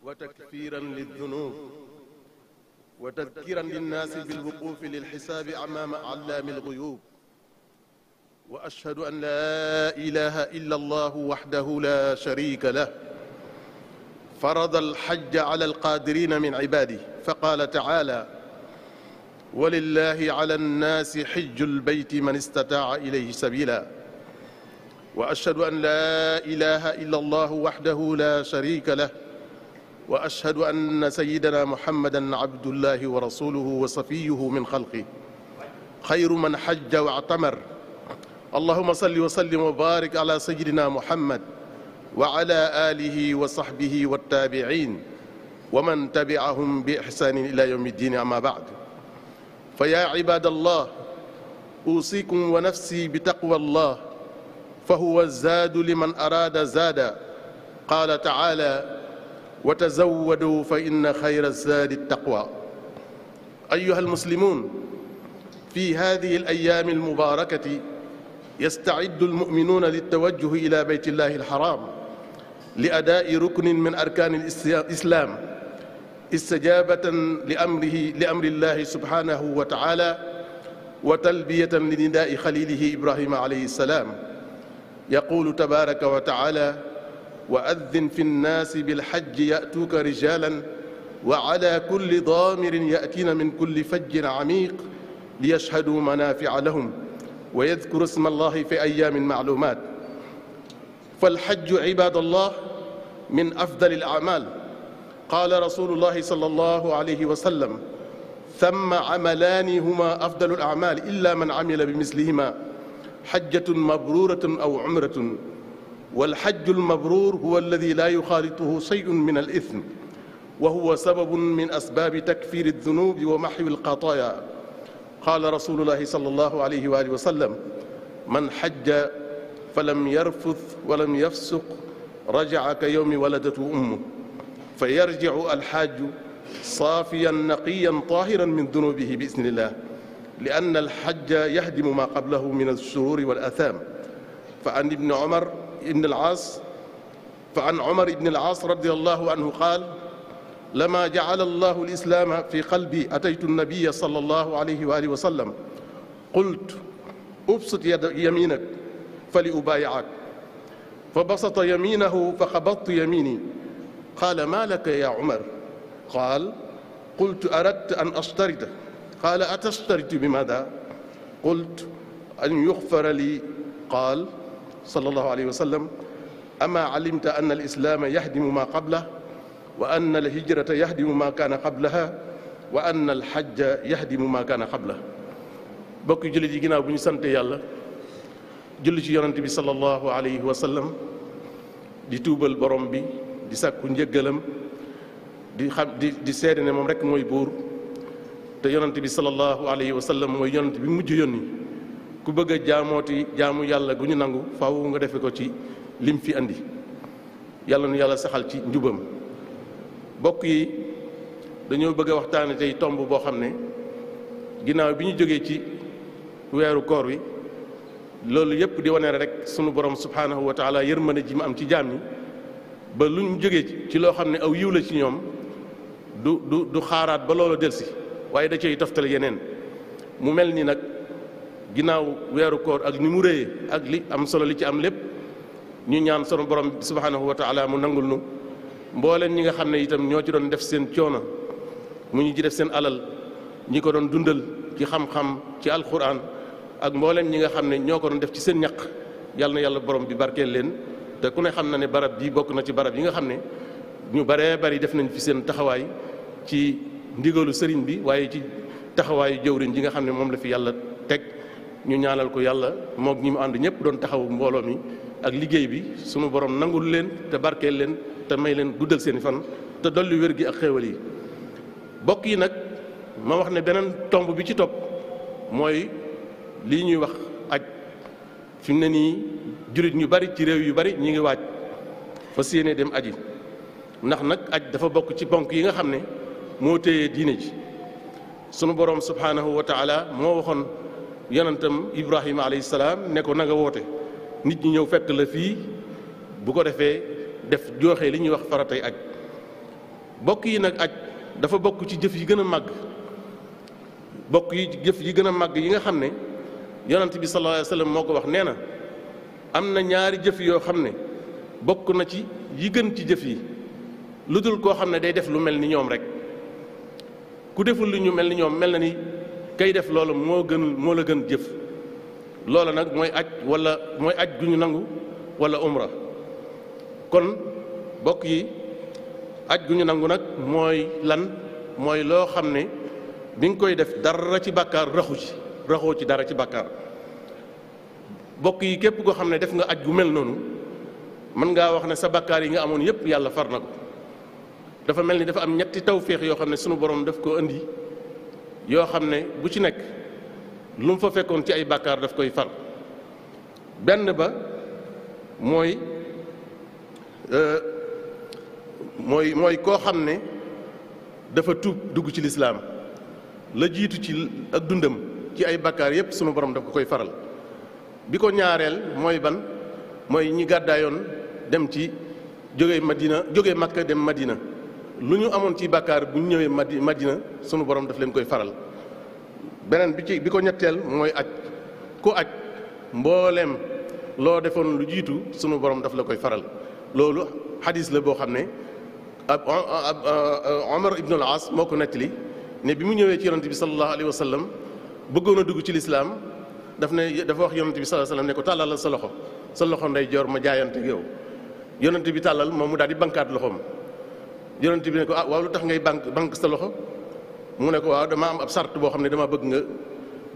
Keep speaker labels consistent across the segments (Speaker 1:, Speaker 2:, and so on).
Speaker 1: wa takfiran lildunub wa tadkiran linnaasi bilwuqufi lilxisaabi amaama allaami alguyub wa ashhadu an laa ilaha illa allahu waxdahu la sharika lah farada alxajja ala alqaadirina min cibaadihi faqaala tacaala walillahi ala annaasi xijju lbeyti man istataaca ilayhi sabila wa ashhadu an laa ilaha illa allahu waxdahu la sharika lah واشهد ان سيدنا محمدا عبد الله ورسوله وصفيه من خلقه خير من حج واعتمر اللهم صل وسلم وبارك على سيدنا محمد وعلى اله وصحبه والتابعين ومن تبعهم باحسان الى يوم الدين اما بعد فيا عباد الله اوصيكم ونفسي بتقوى الله فهو الزاد لمن اراد زادا قال تعالى wa tazawwadu fa inna xayra zaadi taqwa ayuha almuslimuun fi hadihi alayaami almubaarakati yastaciddu almuminuuna liltawajjuhi ila beyt illahi alxaraam li adaai ruknin min arkaani alislaam istijaabatan li amrihi li amri illahi subhanahu wa taala wa talbiyatan li nidaai xalilihi ibrahima alayhi salaam yaquulu tabaaraka wa taala wa addin fi nnaasi bilxajji yatuuka rijalan wa ala kulli daamirin yatiina min kulli fajjin amiq li yashhaduu manaafica lahum wa yadkuru sma allahi fi ayaamin macluumaat falxajju cibaad allah min afdali alacmaal qaala rasulu llahi sal allahu alayhi wa sallam thumma camalaani huma afdalu alacmaal illa man camila bimislihima xajjatun mabruuratun aw cumratun والحج المبرور هو الذي لا يخالطه شيء من الإثم وهو سبب من أسباب تكفير الذنوب ومحو القطايا قال رسول الله صلى الله عليه وآله وسلم من حج فلم يرفث ولم يفسق رجع كيوم ولدته أمه فيرجع الحاج صافيا نقيا طاهرا من ذنوبه بإذن الله لأن الحج يهدم ما قبله من الشرور والأثام فعن ابن عمر بن العاص فعن عمر بن العاص رضي الله عنه قال لما جعل الله الإسلام في قلبي أتيت النبي صلى الله عليه وآله وسلم قلت أبسط يد يمينك فلأبايعك فبسط يمينه فقبضت يميني قال ما لك يا عمر قال قلت أردت أن أشترط قال أتشترط بماذا قلت أن يغفر لي قال sallallahu alayhi wa sallam ama alimta anna al islaama yahdimu maa qablah wa anna al hijrata yahdimu maa kaana qablaha wa anna al hajja yahdimu maa kaana qablah bokki jullit yi ginnaaw bu ñu sante yàlla julli ci yonent bi sallallahu alayhi wa sallam di tuubal borom bi di saku njëggalam di xam di di seede ne moom rek mooy buur te yonent bi sallallahu alayhi wa sallam mooy yonent bi mujj yónni ku bëgg a jaamooti jaamu yàlla gu ñu nangu faaw nga defe ko ci lim fi andi yàlla nu yàlla saxal ci njubam bokk yi dañoo bëgg a waxtaane tey tomb boo xam ne ginnaaw bi ñu jógee ci weeru koor wi loolu yëpp di wane rek sunu borom subhaanahu wa taala yërmande ji mu am ci jaam ñi ba lu ñu jógee ci loo xam ne aw yiw ci ñoom du du du xaaraat ba loola delsi waaye da cay toftale yeneen mu mel ni nag ginnaaw weeru koor ak ni mu rëyee ak li am solo li ci am lépp ñu ñaan sunu borom subhanahu wa taala mu nangul nu mbooleen ñi nga xam ne itam ñoo ci doon def seen coono mu ñu ci def seen alal ñi ko doon dundal ci xam-xam ci alquran ak mboolem ñi nga xam ne ñoo ko doon def ci seen ñaq yàlla na yàlla borom bi barkeel leen te ku ne xam na ne barab bi bokk na ci barab yi nga xam ne ñu baree bari def nañ fi seen taxawaay ci ndigalu sëriñ bi waaye ci taxawaayu jëwriñ ji nga xam ne moom la fi yàlla teg ñu ñaanal ko yàlla moog ñi mu ànd ñëpp doon taxawu mbooloo mi ak liggéey bi suma borom nangul leen te barkeel leen te may leen guddal seeni fan te dolli wér gi ak xéewal yi bokk yi nag ma wax ne beneen tomb bi ci topp mooy lii ñuy wax aj fi ne nii jullit ñu bari ci réew yu bari ñi ngi waaj fas yéene dem aji ndax nag aj dafa bokk ci bonk yi nga xam ne moo téye diine ji sunu borom subhanahu wa taala moo waxoon yonentam Ibrahima alayhi salaam ne ko na woote nit ñi ñëw fekk la fii bu ko defee def jooxee li ñuy wax faratay aj bokk yi nag aj dafa bokk ci jëf yi gën a màgg bokk yi jëf yi gën a màgg yi nga xam ne yonent bi sallallahu alayhi moo ko wax nee na am na ñaari jëf yoo xam ne bokk na ci yi gën ci jëf yi lu dul koo xam ne day def lu mel ni ñoom rek ku deful lu ñu mel ni ñoom mel na ni kay def loolu moo gën moo la gën jëf loola nag mooy aj wala mooy aj gu ñu nangu wala umra kon bokk yi aj gu ñu nangu nag mooy lan mooy loo xam ne bi nga koy def dara ci bàkkaar raxu ci raxoo ci dara ci bàkkaar bokk yi képp koo xam ne def nga aj gu mel noonu mën ngaa wax ne sa bàkkaar yi nga amoon yépp yàlla far na ko dafa mel ni dafa am ñetti féex yoo xam ne sunu borom daf koo indi yoo xam ne bu ci nekk lu mu fa fekkoon ci ay bàkkaar daf koy far benn ba mooy euh, mooy mooy koo xam ne dafa tuub dugg ci lislaam la jiitu ci ak dundam ci ay bàkkaar yépp sunu borom daf ko koy faral bi ko ñaareel mooy ban mooy ñi gàddaayoon dem ci jóge Madina jóge Makka dem Madina lu ñu amoon ci bàkkaar bu ñu ñëwee madi madina sunu borom daf leen koy faral beneen bi ci bi ko ñetteel mooy aj ku aj mbooleem loo defoon lu jiitu suma borom daf la koy faral loolu xadis la boo xam ne ab euh, Omar ibn al As moo ko nettali ne bi mu ñëwee ci yonante bi sallallahu alayhi wa sallam bëggoon a dugg ci lislaam daf ne dafa wax yonante bi sallallahu alayhi wa sallam sa loxo sa loxo ndey joor ma jaayante ak yow yonante bi tàllal moom mu daal di bankaat loxoom. yonent bi ne ko ah waaw lu tax ngay banque banque sa loxo mu ne ko waaw dama am ab sart boo xam ne dama bëgg nga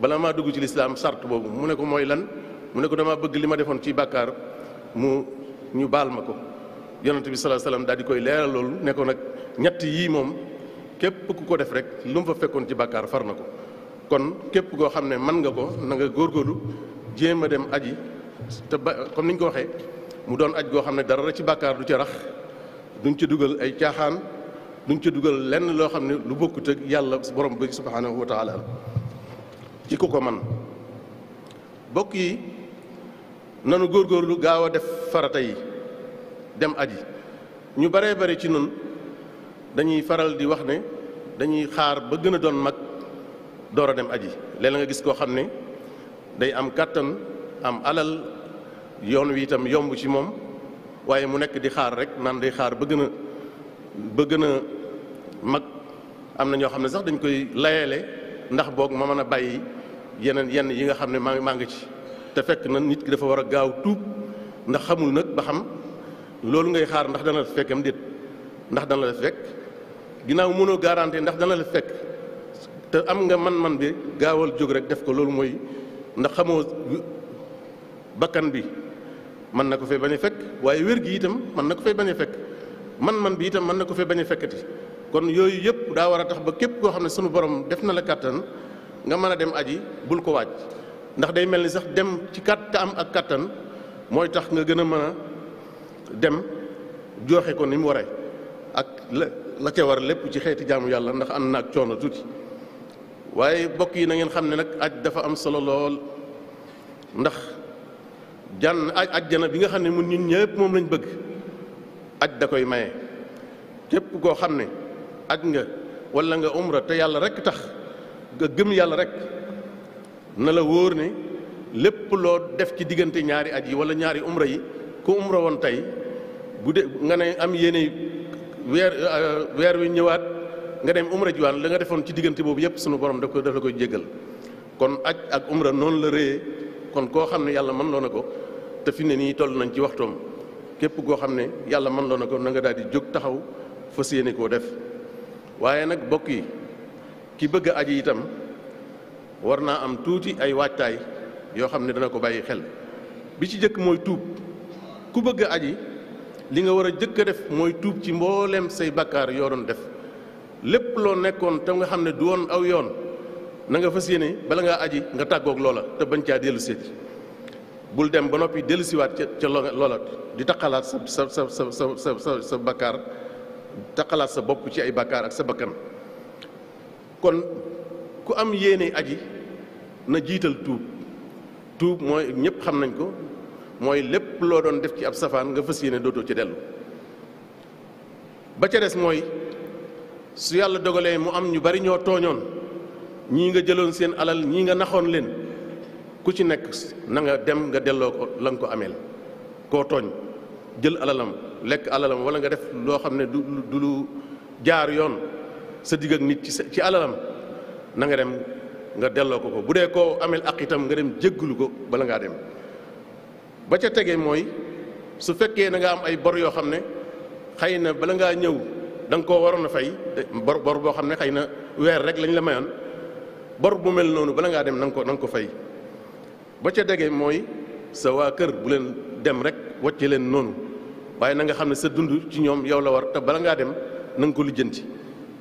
Speaker 1: bala maa dugg ci lislaam sart boobu mu ne ko mooy lan mu ne ko dama bëgg li ma defoon ci bàkkaar mu ñu baal ma ko yonent bi salaa salaam daal di koy leeral loolu ne ko nag ñett yii moom képp ku ko def rek lu mu fa fekkoon ci bàkkaar far na ko kon képp koo xam ne mën nga ko na góor góorgóorlu jéem a dem aji te ba comme ni ñu ko waxee mu doon aj goo xam ne dara ci bàkkaar du ca rax duñ ci dugal ay caaxaan duñ ci dugal lenn loo xam ne lu bokkut ak yàlla borom bi subhanahu wa taala ci ku ko man bokk yi nanu góorgóorlu gaaw a def farata yi dem aji ñu baree bari ci nun dañuy faral di wax ne dañuy xaar ba gën a doon mag door a dem aji léeg-léeg nga gis koo xam ne day am kàttan am alal yoon wi itam yomb ci moom waaye mu nekk di xaar rek naan day xaar ba gën a ba mag am na ñoo xam ne sax dañ koy layale ndax boog ma mën a bàyyi yeneen yenn yi nga xam ne maa ngi maa ngi ci te fekk na nit ki dafa war a gaaw tuub ndax xamul nag ba xam loolu ngay xaar ndax dana la fekkam déet ndax dana la fekk ginnaaw mënoo garanti ndax dana la fekk te am nga man-man bi gaawal jóg rek def ko loolu mooy ndax xamoo bakkan bi mën na ko fee bañ a fekk waaye wér gi itam man na ko fee bañ a fekk man-man bi itam mën na ko fee bañ a fekkati kon yooyu yëpp daa war a tax ba képp koo xam ne sunu borom def na la kàttan nga mën a dem aji bul ko waaj ndax day mel ni sax dem ci kàtt ak kàttan mooy tax nga gën a mën a dem jooxe ko ni waree ak la la ca war lépp ci xeeti jaamu yàlla ndax ànd na ak coono tuuti waaye bokk yi na ngeen xam ne nag aj dafa am solo lool ndax jan ajjana bi nga xam ne mun ñun ñëpp moom lañu bëgg aj da koy maye képp koo xam ne aj nga wala nga umra te yàlla rek tax nga gëm yàlla rek na la wóor ne lépp loo def ci diggante ñaari aj yi wala ñaari umra yi ku umra woon tey bu dee nga ne am yéene weer euh, weer wi ñëwaat nga dem umra jiwaan la defoon ci diggante boobu yëpp sunu borom daf ko daf la koy jéggal kon aj ak umra noonu la réyee kon koo xam ne yàlla mën loo na ko te fi ne nii toll nañ ci waxtoom képp goo xam ne yàlla mën loo na ko na nga daal di jóg taxaw fas yéene koo def waaye nag bokk yi ki bëgg a aji itam war naa am tuuti ay waajtaay yoo xam ne dana ko bàyyi xel bi ci jëkk mooy tuub ku bëgg a aji li nga war a jëkk a def mooy tuub ci mboolem say bakkaar yoo doon def lépp loo nekkoon te nga xam ne du woon aw yoon na nga fas yéene bala ngaa aji nga tàggoog loola te bañ caa dellu seeti bul dem ba noppi dellusiwaat ca ca loola di taqalaat sa sa sa sa sa sa sa bakkaar taqalaat sa bopp ci ay bakkaar ak sa bakkan kon ku am yéene aji na jiital tuub tuub mooy ñëpp xam nañ ko mooy lépp loo doon def ci ab safaan nga fas yéene dootoo ci dellu ba ca des mooy su yàlla dogalee mu am ñu bari ñoo tooñoon ñii nga jëloon seen alal ñii nga naxoon leen ku ci nekk na nga dem nga delloo ko la nga ko ameel koo tooñ jël alalam lekk alalam wala nga def loo xam ne du du lu jaar yoon sa digg ak nit ci ci alalam nanga dem nga delloo ko ko bu dee koo ameel ak itam nga dem jégglu ko bala ngaa dem ba ca tegee mooy su fekkee na nga am ay bor yoo xam ne xëy na bala ngaa ñëw da koo waroon a fay bor bor boo xam ne xëy na weer rek lañ la mayoon bor bu mel noonu bala ngaa dem na ko na ko fay ba ca degee mooy sa waa kër bu leen dem rek wàcce leen noonu waaye nanga xam ne sa dund ci ñoom yow la war te bala ngaa dem nanga ko lijjanti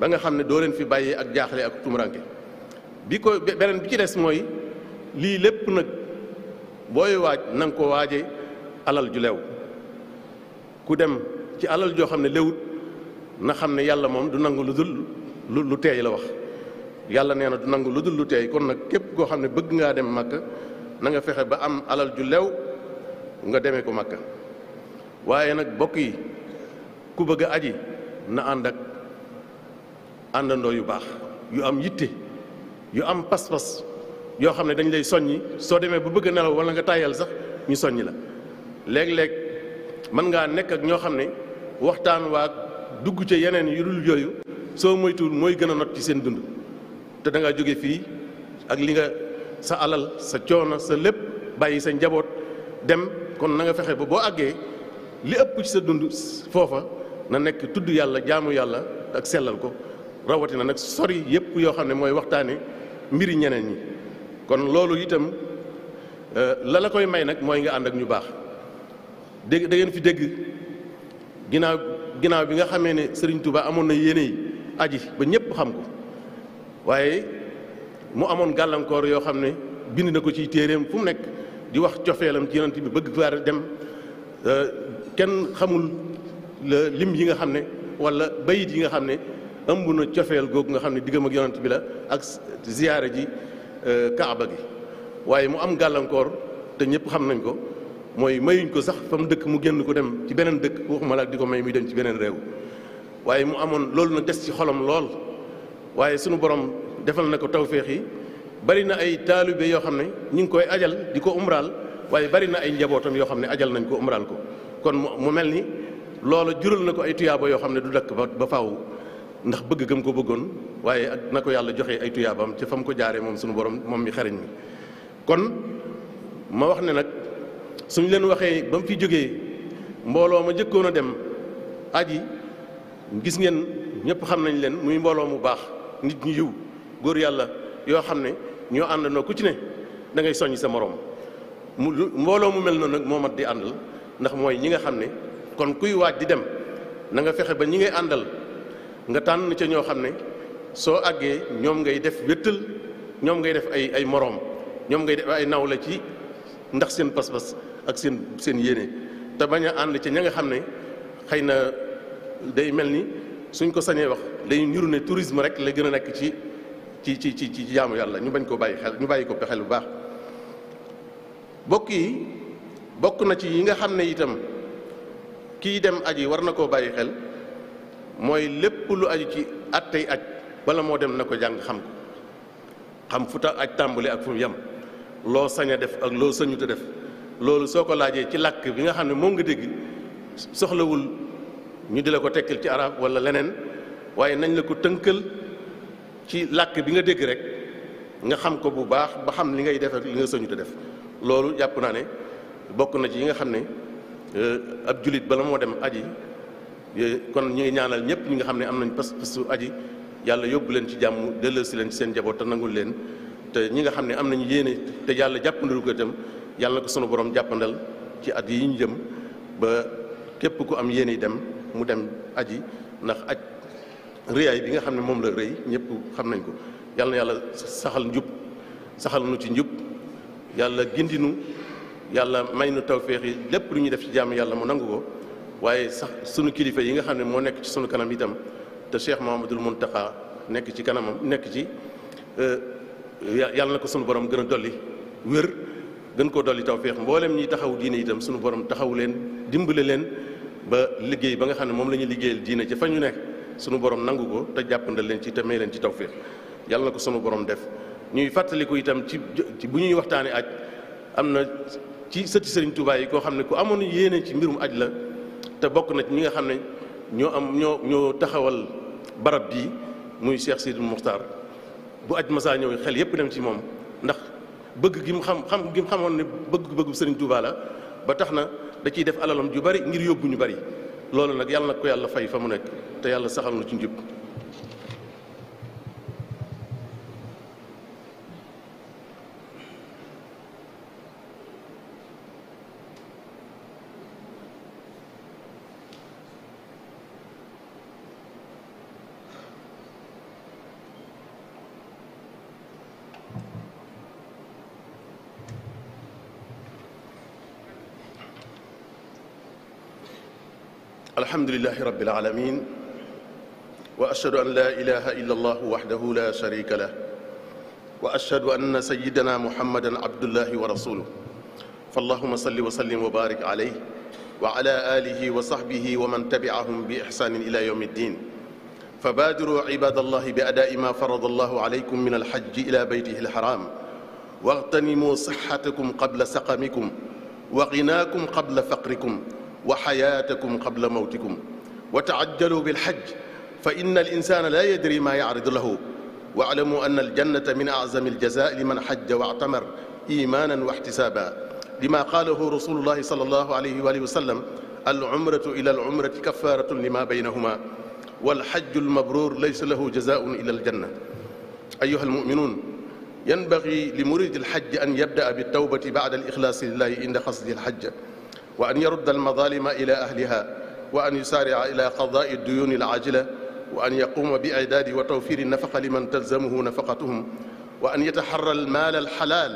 Speaker 1: ba nga xam ne doo leen fi bàyyee ak jaaxle ak tumuranke bi ko beneen bi ci des mooy lii lépp nag booy waaj nanga ko waaje alal ju lew ku dem ci alal joo xam ne lewut na xam ne yàlla moom du nangu lu dul lu teey la wax yàlla nee na du nangu lu dul lu teey kon nag képp koo xam ne bëgg ngaa dem màkka na nga fexe ba am alal ju lew nga demee ko makka waaye nag bokk yi ku bëgg a aji na ànd ak àndandoo yu baax yu am yitte yu am pas-pas yoo xam ne dañ lay soññi soo demee bu bëgg a nelaw wala nga tàyyal sax ñu soññi la léeg-léeg mën ngaa nekk ak ñoo xam ne waxtaan waa dugg ca yeneen yu dul yooyu soo moytuwul mooy gën a not ci seen dund te da jóge fii ak li nga sa alal sa coono sa lépp bàyyi sa njaboot dem kon na nga fexe ba boo àggee li ëpp ci sa dund foofa na nekk tudd yàlla jaamu yàlla ak sellal ko rawatina nag sori yëpp yoo xam ne mooy waxtaane mbiri ñeneen yi kon loolu itam euh, la la koy may nag mooy nga ànd ak ñu baax dégg dangeen fi dégg ginnaaw ginnaaw bi nga xamee ne Sëriñ Tuubaa amoon na yéene yi aji ba ñëpp xam ko waaye mu amoon gàllankoor yoo xam ne bind na ko ci téeréem fu mu nekk di wax cofeelam ci yonent bi bëgg faa dem euh, kenn xamul lim yi nga xam ne wala bayit yi nga xam ne ëmb na cofeel googu nga xam ne diggam ak bi la ak ziyaara ji euh, kaaba gi waaye mu am gàllankoor te ñëpp xam nañ ko mooy mayuñ ko sax fa mu dëkk mu génn ko dem ci beneen dëkk waxuma la ak di ko may muy dem ci beneen réew waaye mu amoon loolu nag des ci xolom lool waaye sunu borom defal na ko tawféex yi bari na ay taalibe yoo xam ne ñu ngi koy ajal di ko umraal waaye bari na ay njabootam yoo xam ne ajal nañ ko umraal ko kon mu mel ni loola jural na ko ay tuyaaba yoo xam ne du dakk ba faw ndax bëgg gëm ko bëggoon waaye ak na ko yàlla joxe ay tuyaabaam ca fa mu ko jaare moom suñu borom moom mi xariñ mi kon ma wax ne nag suñ leen waxee ba mu fi jógee mbooloo ma njëkkoon a dem aji gis ngeen ñëpp xam nañ leen muy mbooloo mu baax nit ñu yiw góor yàlla yoo xam ne ñoo ànd na ku ci ne da ngay soññ sa moroom mu mbooloo mu mel noonu nag moo mat di àndal ndax mooy ñi nga xam ne kon kuy waaj di dem na nga fexe ba ñi ngay àndal nga tànn ca ñoo xam ne soo àggee ñoom ngay def wéttal ñoom ngay def ay ay moroom ñoom ngay def ay naw la ci ndax seen pas-pas ak seen seen yéene te bañ a ànd ca ña nga xam ne xëy na day mel ni suñ ko sañee wax day ñuru ne turisme rek la gën a nekk ci ci ci ci ci jaamu yàlla ñu bañ koo bàyyi xel ñu bàyyi ko xel bu baax bokk yi bokk na ci yi nga xam ne itam kii dem aj yi war na koo bàyyi xel mooy lépp lu aju ci attey aj bala moo dem na ko jàng xam ko xam fu ta aj tàmbali ak fu mu yem loo sañ def ak loo sañut a def loolu soo ko laajee ci làkk bi nga xam ne moom nga dégg soxlawul ñu di la ko tekkil ci arab wala leneen waaye nañ la ko tënkal ci làkk bi nga dégg rek nga xam ko bu baax ba xam li ngay def ak li nga sañu te def loolu jàpp naa ne bokk na ci yi nga xam ne euh, ab jullit bala moo dem aji kon ñu ngi ñaanal ñëpp ñi nga xam ne am nañ pas pasu aji yàlla yóbbu leen ci jàmm delloosi leen seen jaboot te leen te ñi xam ne am nañu yéene te yàlla jàppandalu ko itam yàlla na ko sunu borom jàppandal ci at yi ñu jëm ba képp ku am yéene dem mu dem aji ndax aj rëyaay bi nga xam ne moom la rëy ñëpp xam nañ ko yàlla na yàlla saxal njub saxal nu ci njub yàlla gindinu yàlla may nu tawféex yi lépp lu ñuy def ci jàmm yàlla mu nangu ko waaye sax sunu kilifa yi nga xam ne moo nekk ci sunu kanam itam te Cheikh Mouhamadoul Mountakha nekk ci kanamam nekk ci euh, yàlla na ko sunu borom gën a dolli wér gën koo dolli tawféex mboolem ñi taxaw diine itam sunu borom taxawu leen dimbale leen ba liggéey ba nga xam ne moom la ñuy liggéeyal diine ca fa ñu nekk. sunu borom nangu ko te jàpp jàppandal leen ci te may leen ci tawfiq yàlla na ko sunu borom def ñuy fàttaliku itam ci ci bu ñuy waxtaanee aj am na ci sëti sëriñ Tuubaa yi koo xam ne ku amoon yéene ci mbirum aj la te bokk na ci ñi nga xam ne ñoo am ñoo ñoo taxawal barab bii muy Cheikh Sidi Muxtaar bu aj masaa ñëw xel yépp dem ci moom ndax bëgg gi mu xam xam gi mu xamoon ne bëgg bëggu sëriñ Tuubaa la ba tax na da ciy def alalam ju bari ngir yóbbu ñu bari loolu nag yàlla ko yàlla fay fa mu nekk te yàlla saxal na ci njub alhamdulilahi rabbil alamin wa ashhadu an laa ilaha illa allahu waxdahu la sharika lah wa ashhadu anna sayidana muhammadan abdullahi wa rasuluh fa allahuma salli wa sallim wa barik alayh wa ala alihi wa sahbihi wa man tabiahum bi ihsanin ila yawmi ddin fa baadiru ibadallahi bi adaa'i ma farada allahu alaykum min alhajji ila baytihi alharam wagtanimu sixatakum qabla saqamikum wa ginaakum qabla faqrikum wa xayaatakum qabla mawtikum wa taajjalu bilhajj fa inna al insana la yadri ma yaaridu lahu wa alamu anna al jannata min azami al jaza liman xajja wa atamar imanan wa ixtisaaba lima qaalahu rasulullahi sallallahu alayhi wa alihi wa sallam al umratu ila al umrati kafaratun lima baynahuma wal xajjul mabruur laysa lahu jazaun ila al janna ayyuha al muminuun ينبغي لمريد الحج أن يبدأ بالتوبة بعد الإخلاص لله عند قصد الحج وأن يرد المظالم إلى أهلها وأن يسارع إلى قضاء الديون العاجلة wa an yaquuma bi idaadi wa tawfiri nafaqa liman talzamuhu nafaqatuhum wa an yataxarra almaal alxalaal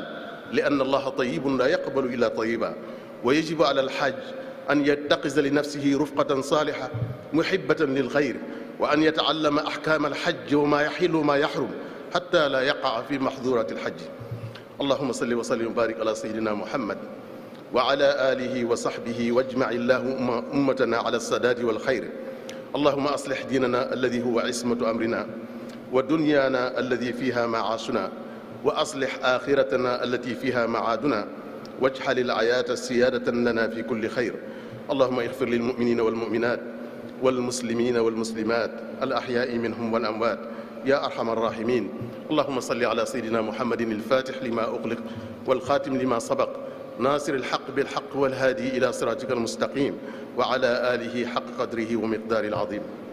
Speaker 1: li ann allaha tayibun laa yaqbalu illa tayiba wa yajibu ala alxaaj an yattaqisa li nafsihi rufqatan saalixa muhibatan lilxayr wa an yataallama axkaama alxaj wa maa yaxilu wa maa yaxrum xatta laa yaqaa fi maxduraati alxaj allahuma salli wa sallim wa baarik ala sayidina muhammad wa ala alihi wa saxbihi wa ajmac illahu ummatana ala alsadaati walxayr allahuma aslix diinana alladi huwa ismatu amrina wa dunyaana alladi fiha macaashuna wa aslix axiratana allati fiha macaaduna wajxal ilayaata siyaadatan lana fi kulli xayr allahuma ixfir lilmuminina walmuminat walmuslimina walmuslimat alaxyaai minhum walamwaat yaa arxama arrahimin allahuma salli ala sayidina muhammadin alfatix lima uxliq walxaatim lima sabaq ناصر الحق بالحق والهادي إلى صراطك المستقيم وعلى آله حق قدره ومقدار العظيم